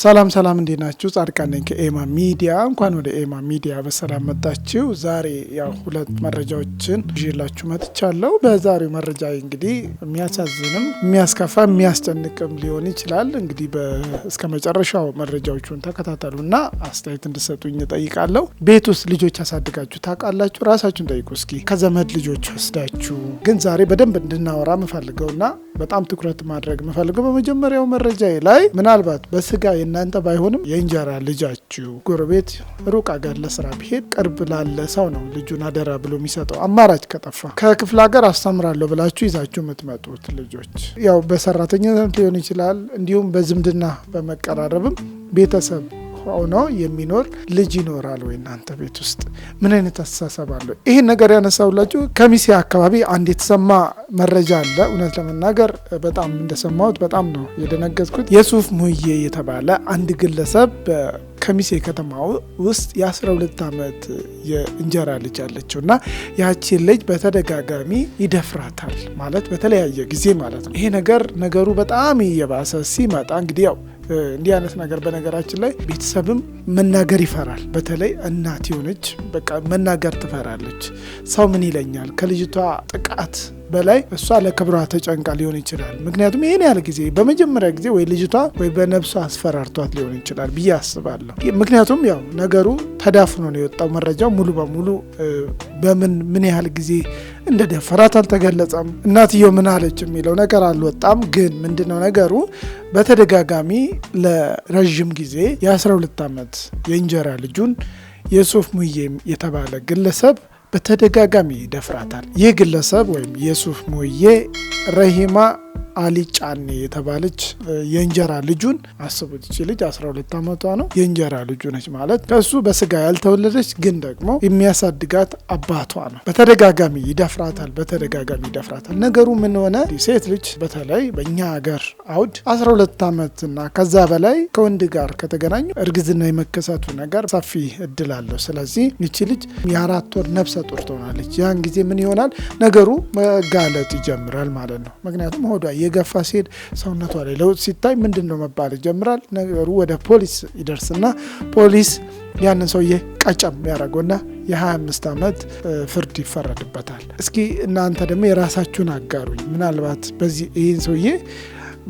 ሰላም ሰላም እንዴት ናችሁ? ጻድቃን ነኝ ከኤማ ሚዲያ። እንኳን ወደ ኤማ ሚዲያ በሰላም መጣችሁ። ዛሬ ያው ሁለት መረጃዎችን ይዤላችሁ መጥቻለሁ። በዛሬው መረጃ እንግዲህ የሚያሳዝንም የሚያስከፋ የሚያስጨንቅም ሊሆን ይችላል። እንግዲህ እስከ መጨረሻው መረጃዎቹን ተከታተሉና አስተያየት እንድሰጡኝ እጠይቃለሁ። ቤት ውስጥ ልጆች ያሳድጋችሁ ታውቃላችሁ? ራሳችሁን ጠይቁ እስኪ ከዘመድ ልጆች ወስዳችሁ። ግን ዛሬ በደንብ እንድናወራ ምፈልገውና በጣም ትኩረት ማድረግ ምፈልገው በመጀመሪያው መረጃ ላይ ምናልባት በስጋ እናንተ ባይሆንም የእንጀራ ልጃችሁ ጎረቤት ሩቅ አገር ለስራ ቢሄድ ቅርብ ላለ ሰው ነው ልጁን አደራ ብሎ የሚሰጠው። አማራጭ ከጠፋ ከክፍለ ሀገር አስተምራለሁ ብላችሁ ይዛችሁ የምትመጡት ልጆች ያው በሰራተኝነት ሊሆን ይችላል። እንዲሁም በዝምድና በመቀራረብም ቤተሰብ ሆኖ የሚኖር ልጅ ይኖራል ወይ? እናንተ ቤት ውስጥ ምን አይነት አስተሳሰብ አለ? ይህን ነገር ያነሳውላችሁ ከሚሴ አካባቢ አንድ የተሰማ መረጃ አለ። እውነት ለመናገር በጣም እንደሰማሁት በጣም ነው የደነገጥኩት። የሱፍ ሙዬ የተባለ አንድ ግለሰብ ከሚሴ ከተማ ውስጥ የ12 ዓመት የእንጀራ ልጅ አለችው እና ያቺን ልጅ በተደጋጋሚ ይደፍራታል ማለት በተለያየ ጊዜ ማለት ነው። ይሄ ነገር ነገሩ በጣም እየባሰ ሲመጣ እንግዲህ ያው እንዲህ አይነት ነገር በነገራችን ላይ ቤተሰብም መናገር ይፈራል። በተለይ እናት የሆነች በቃ መናገር ትፈራለች። ሰው ምን ይለኛል ከልጅቷ ጥቃት በላይ እሷ ለክብሯ ተጨንቃ ሊሆን ይችላል። ምክንያቱም ይህን ያህል ጊዜ በመጀመሪያ ጊዜ ወይ ልጅቷ ወይ በነብሷ አስፈራርቷት ሊሆን ይችላል ብዬ አስባለሁ። ምክንያቱም ያው ነገሩ ተዳፍኖ ነው የወጣው መረጃው ሙሉ በሙሉ በምን ምን ያህል ጊዜ እንደ ደፈራት አልተገለጸም። እናትየው ምን አለች የሚለው ነገር አልወጣም። ግን ምንድነው ነገሩ? በተደጋጋሚ ለረዥም ጊዜ የ12 ዓመት የእንጀራ ልጁን የሱፍ ሙዬም የተባለ ግለሰብ በተደጋጋሚ ይደፍራታል። ይህ ግለሰብ ወይም የሱፍ ሙዬ ረሂማ ጫኔ የተባለች የእንጀራ ልጁን አስቡት። እቺ ልጅ 12 ዓመቷ ነው። የእንጀራ ልጁ ነች ማለት ከሱ በስጋ ያልተወለደች ግን ደግሞ የሚያሳድጋት አባቷ ነው። በተደጋጋሚ ይደፍራታል፣ በተደጋጋሚ ይደፍራታል። ነገሩ ምን ሆነ? ሴት ልጅ በተለይ በእኛ ሀገር አውድ 12 ዓመትና ከዛ በላይ ከወንድ ጋር ከተገናኙ እርግዝና የመከሰቱ ነገር ሰፊ እድል አለው። ስለዚህ ይቺ ልጅ የአራት ወር ነፍሰ ጡር ትሆናለች። ያን ጊዜ ምን ይሆናል ነገሩ መጋለጥ ይጀምራል ማለት ነው። ምክንያቱም ሆዷ እየገፋ ሲሄድ ሰውነቷ ላይ ለውጥ ሲታይ ምንድን ነው መባል ይጀምራል። ነገሩ ወደ ፖሊስ ይደርስና ፖሊስ ያንን ሰውዬ ቀጨም ያደረገውና የ25 ዓመት ፍርድ ይፈረድበታል። እስኪ እናንተ ደግሞ የራሳችሁን አጋሩኝ። ምናልባት በዚህ ይህን ሰውዬ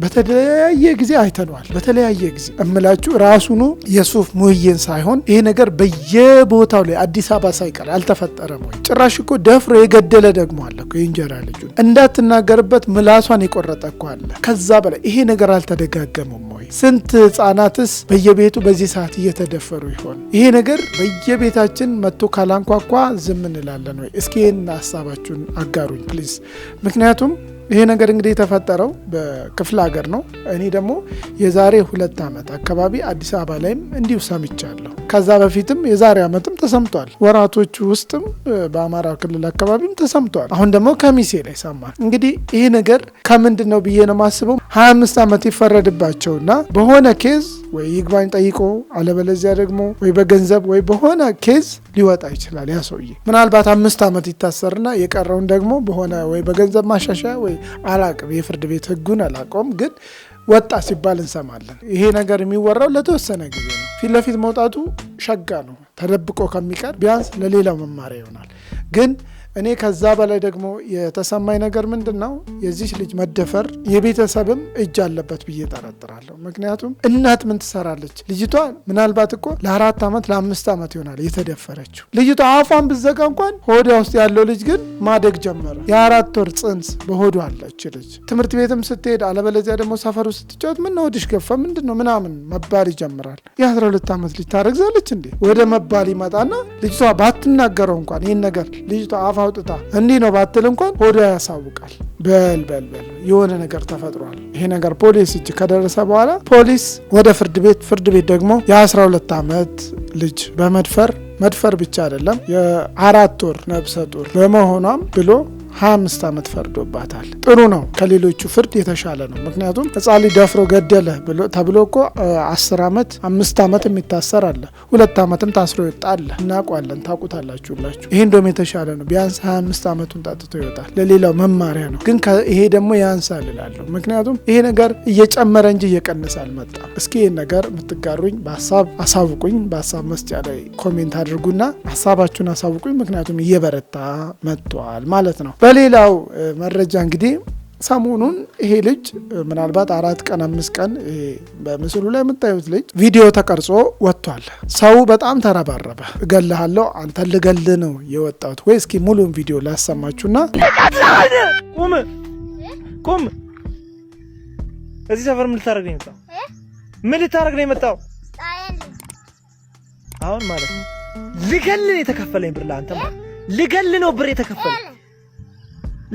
በተለያየ ጊዜ አይተነዋል። በተለያየ ጊዜ እምላችሁ ራሱኑ የሱፍ ሙህዬን ሳይሆን ይሄ ነገር በየቦታው ላይ አዲስ አበባ ሳይቀር አልተፈጠረም ወይ? ጭራሽ እኮ ደፍሮ የገደለ ደግሞ አለ እኮ የእንጀራ ልጁ እንዳትናገርበት ምላሷን የቆረጠ እኮ አለ። ከዛ በላይ ይሄ ነገር አልተደጋገመም ወይ? ስንት ህጻናትስ በየቤቱ በዚህ ሰዓት እየተደፈሩ ይሆን? ይሄ ነገር በየቤታችን መጥቶ ካላንኳኳ ዝም እንላለን ወይ? እስኪ ይህን ሀሳባችሁን አጋሩኝ ፕሊዝ። ምክንያቱም ይሄ ነገር እንግዲህ የተፈጠረው በክፍለ ሀገር ነው። እኔ ደግሞ የዛሬ ሁለት ዓመት አካባቢ አዲስ አበባ ላይም እንዲሁ ሰምቻለሁ። ከዛ በፊትም የዛሬ ዓመትም ተሰምቷል። ወራቶቹ ውስጥም በአማራ ክልል አካባቢም ተሰምቷል። አሁን ደግሞ ከሚሴ ላይ ሰማል። እንግዲህ ይሄ ነገር ከምንድን ነው ብዬ ነው የማስበው 25 ዓመት ይፈረድባቸውና በሆነ ኬዝ ወይ ይግባኝ ጠይቆ አለበለዚያ ደግሞ ወይ በገንዘብ ወይ በሆነ ኬዝ ሊወጣ ይችላል። ያ ሰውዬ ምናልባት አምስት ዓመት ይታሰርና የቀረውን ደግሞ በሆነ ወይ በገንዘብ ማሻሻያ ወይ አላቅም፣ የፍርድ ቤት ህጉን አላቆም፣ ግን ወጣ ሲባል እንሰማለን። ይሄ ነገር የሚወራው ለተወሰነ ጊዜ ነው። ፊት ለፊት መውጣቱ ሸጋ ነው። ተደብቆ ከሚቀር ቢያንስ ለሌላው መማሪያ ይሆናል ግን እኔ ከዛ በላይ ደግሞ የተሰማኝ ነገር ምንድን ነው? የዚች ልጅ መደፈር የቤተሰብም እጅ አለበት ብዬ ጠረጥራለሁ። ምክንያቱም እናት ምን ትሰራለች? ልጅቷ ምናልባት እኮ ለአራት ዓመት ለአምስት ዓመት ይሆናል የተደፈረችው። ልጅቷ አፏን ብዘጋ እንኳን ሆዷ ውስጥ ያለው ልጅ ግን ማደግ ጀመረ። የአራት ወር ጽንስ በሆዷ አለች ልጅ። ትምህርት ቤትም ስትሄድ፣ አለበለዚያ ደግሞ ሰፈሩ ስትጫወት ምን ሆድሽ ገፋ ምንድን ነው ምናምን መባል ይጀምራል። የአስራ ሁለት ዓመት ልጅ ታረግዛለች እንዴ ወደ መባል ይመጣና ልጅቷ ባትናገረው እንኳን ይህን ነገር ልጅቷ አውጥታ እንዲህ ነው ባትል እንኳን ሆዷ ያሳውቃል። በል በል በል የሆነ ነገር ተፈጥሯል። ይሄ ነገር ፖሊስ እጅ ከደረሰ በኋላ ፖሊስ ወደ ፍርድ ቤት፣ ፍርድ ቤት ደግሞ የ12 ዓመት ልጅ በመድፈር መድፈር ብቻ አይደለም የአራት ወር ነብሰ ጡር በመሆኗም ብሎ 25 ዓመት ፈርዶባታል። ጥሩ ነው፣ ከሌሎቹ ፍርድ የተሻለ ነው። ምክንያቱም ህጻን ልጅ ደፍሮ ገደለ ተብሎ እኮ አስር ዓመት አምስት ዓመት የሚታሰር አለ፣ ሁለት ዓመትም ታስሮ ይወጣ አለ። እናውቋለን፣ ታውቁታላችሁ ሁላችሁ። ይሄ እንደውም የተሻለ ነው። ቢያንስ 25 ዓመቱን ጠጥቶ ይወጣል፣ ለሌላው መማሪያ ነው። ግን ይሄ ደግሞ ያንሳል እላለሁ። ምክንያቱም ይሄ ነገር እየጨመረ እንጂ እየቀነሰ አልመጣም። እስኪ ይህን ነገር የምትጋሩኝ በሀሳብ አሳውቁኝ። በሀሳብ መስጫ ላይ ኮሜንት አድርጉና ሀሳባችሁን አሳውቁኝ። ምክንያቱም እየበረታ መጥቷል ማለት ነው። በሌላው መረጃ እንግዲህ ሰሞኑን ይሄ ልጅ ምናልባት አራት ቀን አምስት ቀን በምስሉ ላይ የምታዩት ልጅ ቪዲዮ ተቀርጾ ወጥቷል። ሰው በጣም ተረባረበ። እገልሃለሁ፣ አንተ ልገል ነው የወጣሁት ወይ? እስኪ ሙሉን ቪዲዮ ላሰማችሁና ቁም ቁም። እዚህ ሰፈር ምን ልታደርግ ነው የመጣው? ምን ልታደርግ ነው የመጣው? አሁን ማለት ነው ልገል የተከፈለኝ ብር፣ ለአንተ ልገል ነው ብር የተከፈለ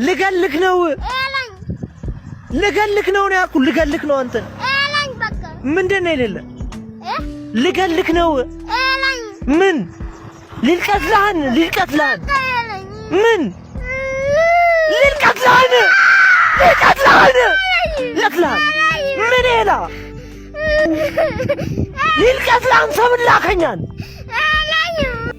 ልገልክ ነው ልገልክ ነው ነው ያልኩህ። ልገልክ ነው አንተን። ምንድን ነው የሌለ? ልገልክ ነው ምን? ልልቀትልሀን ልልቀትልሀን ምን? ልልቀትልሀን ልልቀትልሀን ልልቀትልሀን ምን ይላ ልልቀትልሀን ሰምን ላከኛል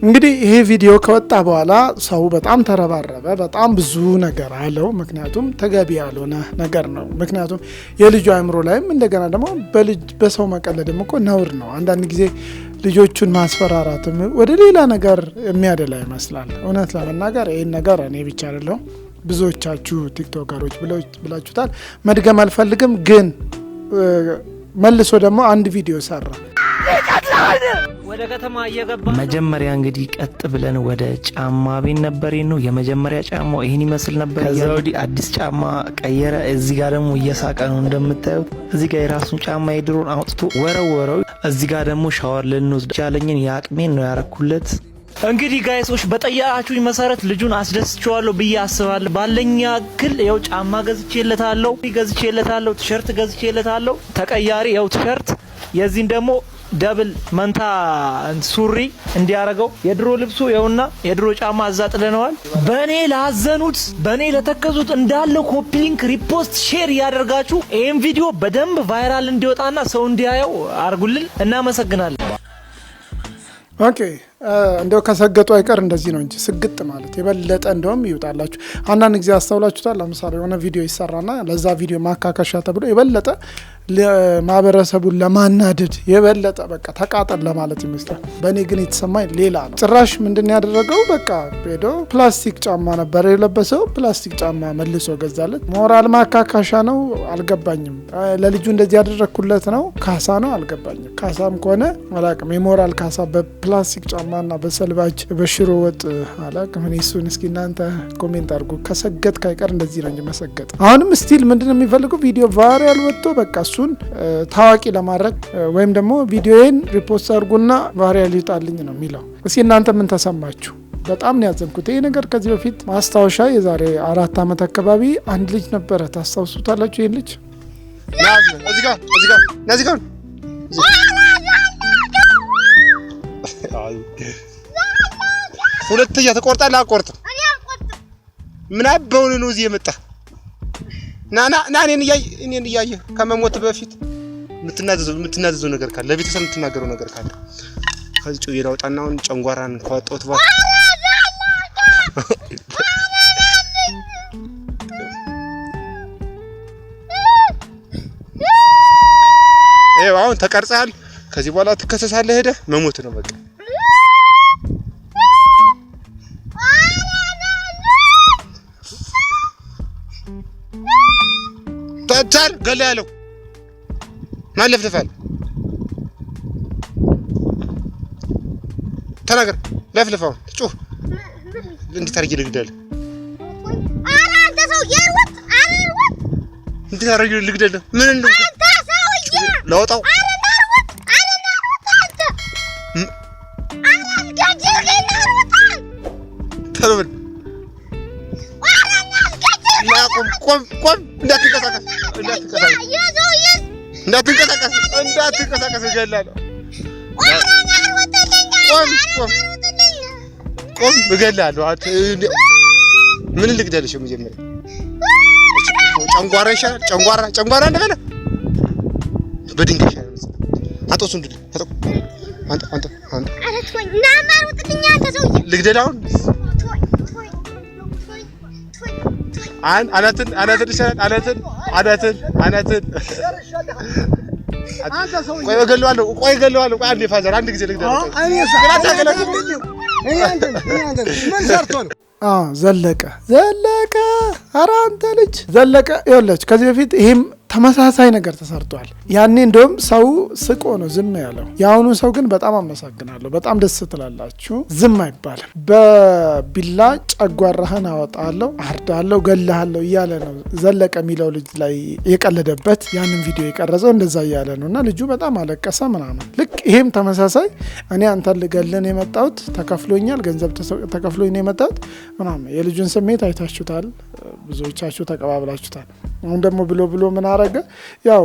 እንግዲህ ይሄ ቪዲዮ ከወጣ በኋላ ሰው በጣም ተረባረበ። በጣም ብዙ ነገር አለው። ምክንያቱም ተገቢ ያልሆነ ነገር ነው። ምክንያቱም የልጁ አእምሮ ላይም እንደገና ደግሞ በሰው መቀለድም እኮ ነውር ነው። አንዳንድ ጊዜ ልጆቹን ማስፈራራትም ወደ ሌላ ነገር የሚያደላ ይመስላል። እውነት ለመናገር ይህን ነገር እኔ ብቻ አይደለሁም ብዙዎቻችሁ ቲክቶከሮች ብላችሁታል። መድገም አልፈልግም ግን መልሶ ደግሞ አንድ ቪዲዮ ሰራ መጀመሪያ እንግዲህ ቀጥ ብለን ወደ ጫማ ቤት ነበር ነው የመጀመሪያ ጫማ ይህን ይመስል ነበር። ከዛ ወዲህ አዲስ ጫማ ቀየረ። እዚህ ጋር ደግሞ እየሳቀ ነው እንደምታዩት። እዚህ ጋር የራሱን ጫማ የድሮን አውጥቶ ወረወረው። እዚህ ጋር ደግሞ ሻወር ልንወስድ ቻለኝን የአቅሜን ነው ያረኩለት። እንግዲህ ጋይሶች በጠየቃችሁኝ መሰረት ልጁን አስደስችዋለሁ ብዬ አስባለሁ። ባለኛ ክል ያው ጫማ ገዝቼለታለሁ፣ ገዝቼለታለሁ፣ ቲሸርት ገዝቼለታለሁ፣ ተቀያሪ ያው ቲሸርት የዚህን ደግሞ ደብል መንታ ሱሪ እንዲያረገው የድሮ ልብሱ የውና የድሮ ጫማ እዛ ጥለነዋል። በእኔ ላዘኑት፣ በእኔ ለተከዙት እንዳለ ኮፒሊንክ፣ ሪፖስት፣ ሼር እያደርጋችሁ ይህም ቪዲዮ በደንብ ቫይራል እንዲወጣና ሰው እንዲያየው አርጉልን። እናመሰግናለን። ኦኬ እንደው ከሰገጡ አይቀር እንደዚህ ነው እንጂ ስግጥ ማለት የበለጠ እንደውም ይውጣላችሁ። አንዳንድ ጊዜ አስተውላችሁታል። ለምሳሌ የሆነ ቪዲዮ ይሰራና ለዛ ቪዲዮ ማካከሻ ተብሎ የበለጠ ማህበረሰቡን ለማናደድ የበለጠ በቃ ተቃጠል ለማለት ይመስላል። በእኔ ግን የተሰማኝ ሌላ ነው። ጭራሽ ምንድን ያደረገው በቃ ሄዶ ፕላስቲክ ጫማ ነበር የለበሰው። ፕላስቲክ ጫማ መልሶ ገዛለት። ሞራል ማካካሻ ነው አልገባኝም። ለልጁ እንደዚህ ያደረግኩለት ነው ካሳ ነው አልገባኝም። ካሳም ከሆነ አላቅም። የሞራል ካሳ በፕላስቲክ ጫማና በሰልባጅ በሽሮ ወጥ አላቅም። እኔ እሱን እስኪ እናንተ ኮሜንት አድርጉ። ከሰገጥ ካይቀር እንደዚህ ነው እንጂ መሰገጥ አሁንም ስቲል ምንድን የሚፈልገው ቪዲዮ ቫይራል ወጥቶ በቃ እሱ እሱን ታዋቂ ለማድረግ ወይም ደግሞ ቪዲዮዬን ሪፖስት አድርጉና ቫይራል ይውጣልኝ ነው የሚለው። እስኪ እናንተ ምን ተሰማችሁ? በጣም ነው ያዘንኩት። ይህ ነገር ከዚህ በፊት ማስታወሻ የዛሬ አራት ዓመት አካባቢ አንድ ልጅ ነበረ፣ ታስታውሱታላችሁ? ይህን ልጅ ሁለተኛ ተቆርጣ ላቆርጥ ምን አበውን ነው እዚህ የመጣ ና ና እኔን ከመሞት በፊት የምትናዘዘው ነገር ካለ ለቤተሰብ የምትናገረው ነገር ካለ ከዚህ ጩቤ ላውጣና አሁን ጨንጓራን ባ አሁን ተቀርጸሃል። ከዚህ በኋላ ትከሰሳለህ። ሄደህ መሞት ነው በቃ። ጠጥታል ገላ ያለው ማለፍልፋል ተናገር ለፍልፋው ጩህ እንዴት አድርጌ ልግደል? እንዴት አድርጌ ልግደል? ምን እንደው ለወጣው ቆም ቆም፣ እንዳትንቀሳቀስ እንዳትንቀሳቀስ እንዳትንቀሳቀስ እገላለሁ። ቆም ቆም ቆም፣ እገላለሁ። ምን ልግደልሽ? መጀመሪያ ጨንጓራ ጨንጓራ ጨንጓራ እንደበለ በድንጋይ ይሻላል። አንተ አንተ አንተ ልግደል አሁን አናትን አናትን ይሻላል። አናትን አናትን አናትን ቆይ እገለዋለሁ፣ ቆይ እገለዋለሁ። ቆይ አንዴ ፋዘር፣ አንድ ጊዜ ዘለቀ ዘለቀ፣ ኧረ አንተ ልጅ ዘለቀ። ይኸውላችሁ ከዚህ በፊት ይሄም ተመሳሳይ ነገር ተሰርቷል። ያኔ እንደውም ሰው ስቆ ነው ዝም ያለው። የአሁኑ ሰው ግን በጣም አመሰግናለሁ፣ በጣም ደስ ትላላችሁ። ዝም አይባልም። በቢላ ጨጓራህን አወጣለሁ፣ አርዳለሁ፣ ገላሃለሁ እያለ ነው ዘለቀ የሚለው ልጅ ላይ የቀለደበት ያንን ቪዲዮ የቀረጸው እንደዛ እያለ ነው እና ልጁ በጣም አለቀሰ ምናምን። ልክ ይሄም ተመሳሳይ እኔ አንተን ልገልን የመጣሁት ተከፍሎኛል፣ ገንዘብ ተከፍሎኝ ነው የመጣሁት ምናምን። የልጁን ስሜት አይታችሁታል፣ ብዙዎቻችሁ ተቀባብላችሁታል። አሁን ደግሞ ብሎ ብሎ ምን አረገ? ያው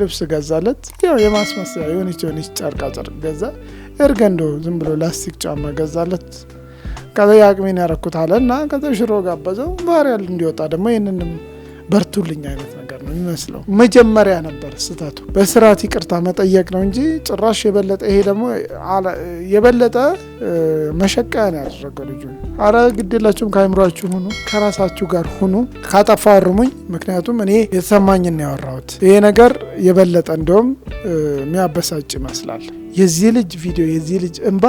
ልብስ ገዛለት። ያው የማስመሰያ የሆነች የሆነች ጨርቃ ጨርቅ ገዛ። እርገ ኤርገንዶ ዝም ብሎ ላስቲክ ጫማ ገዛለት። ከዛ የአቅሜን ያረኩት አለ እና ከዛ ሽሮ ጋበዘው ባህር ያል እንዲወጣ ደግሞ ይህንንም በርቱልኝ አይነት ነገር ነው የሚመስለው። መጀመሪያ ነበር ስህተቱ በስርዓት ይቅርታ መጠየቅ ነው እንጂ ጭራሽ የበለጠ ይሄ ደግሞ የበለጠ መሸቀያ ነው ያደረገ ልጁ። አረ ግድላችሁም፣ ከአይምሯችሁ ሁኑ፣ ከራሳችሁ ጋር ሁኑ። ካጠፋ አርሙኝ። ምክንያቱም እኔ የተሰማኝን ነው ያወራሁት። ይሄ ነገር የበለጠ እንደውም የሚያበሳጭ ይመስላል። የዚህ ልጅ ቪዲዮ የዚህ ልጅ እንባ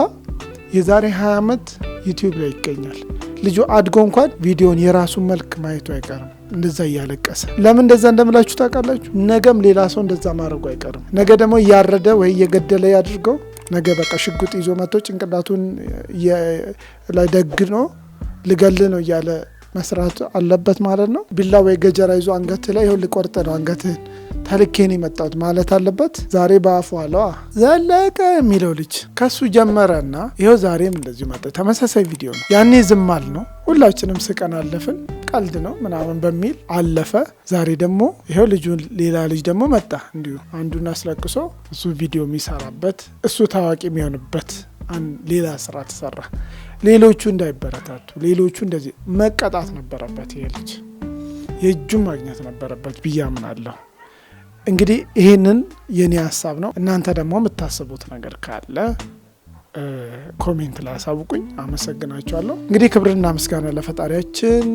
የዛሬ 20 ዓመት ዩቲዩብ ላይ ይገኛል። ልጁ አድጎ እንኳን ቪዲዮን የራሱን መልክ ማየቱ አይቀርም። እንደዛ እያለቀሰ ለምን እንደዛ እንደምላችሁ ታውቃላችሁ። ነገም ሌላ ሰው እንደዛ ማድረጉ አይቀርም። ነገ ደግሞ እያረደ ወይ እየገደለ ያድርገው። ነገ በቃ ሽጉጥ ይዞ መጥቶ ጭንቅላቱን ላይ ደግኖ ልገል ነው እያለ መስራት አለበት ማለት ነው። ቢላ ወይ ገጀራ ይዞ አንገት ላይ ይኸው ልቆርጥ ነው አንገትህን ተልኬን የመጣሁት ማለት አለበት። ዛሬ በአፉ ለዋ ዘለቀ የሚለው ልጅ ከሱ ጀመረና ይኸው ዛሬም እንደዚሁ መጣ። ተመሳሳይ ቪዲዮ ነው። ያኔ ዝም አል ነው ሁላችንም ስቀን አለፍን። ቀልድ ነው ምናምን በሚል አለፈ። ዛሬ ደግሞ ይኸው ልጁ ሌላ ልጅ ደግሞ መጣ። እንዲሁ አንዱን አስለቅሶ እሱ ቪዲዮ የሚሰራበት እሱ ታዋቂ የሚሆንበት ሌላ ስራ ተሰራ። ሌሎቹ እንዳይበረታቱ ሌሎቹ እንደዚህ መቀጣት ነበረበት። ይሄ ልጅ የእጁን ማግኘት ነበረበት ብዬ አምናለሁ። እንግዲህ ይህንን የኔ ሀሳብ ነው። እናንተ ደግሞ የምታስቡት ነገር ካለ ኮሜንት ላይ አሳውቁኝ። አመሰግናችኋለሁ። እንግዲህ ክብርና ምስጋና ለፈጣሪያችን።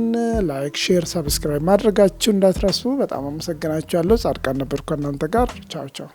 ላይክ፣ ሼር፣ ሰብስክራይብ ማድረጋችሁ እንዳትረሱ። በጣም አመሰግናችኋለሁ። ጻድቃን ነበርኩ ከእናንተ ጋር። ቻው ቻው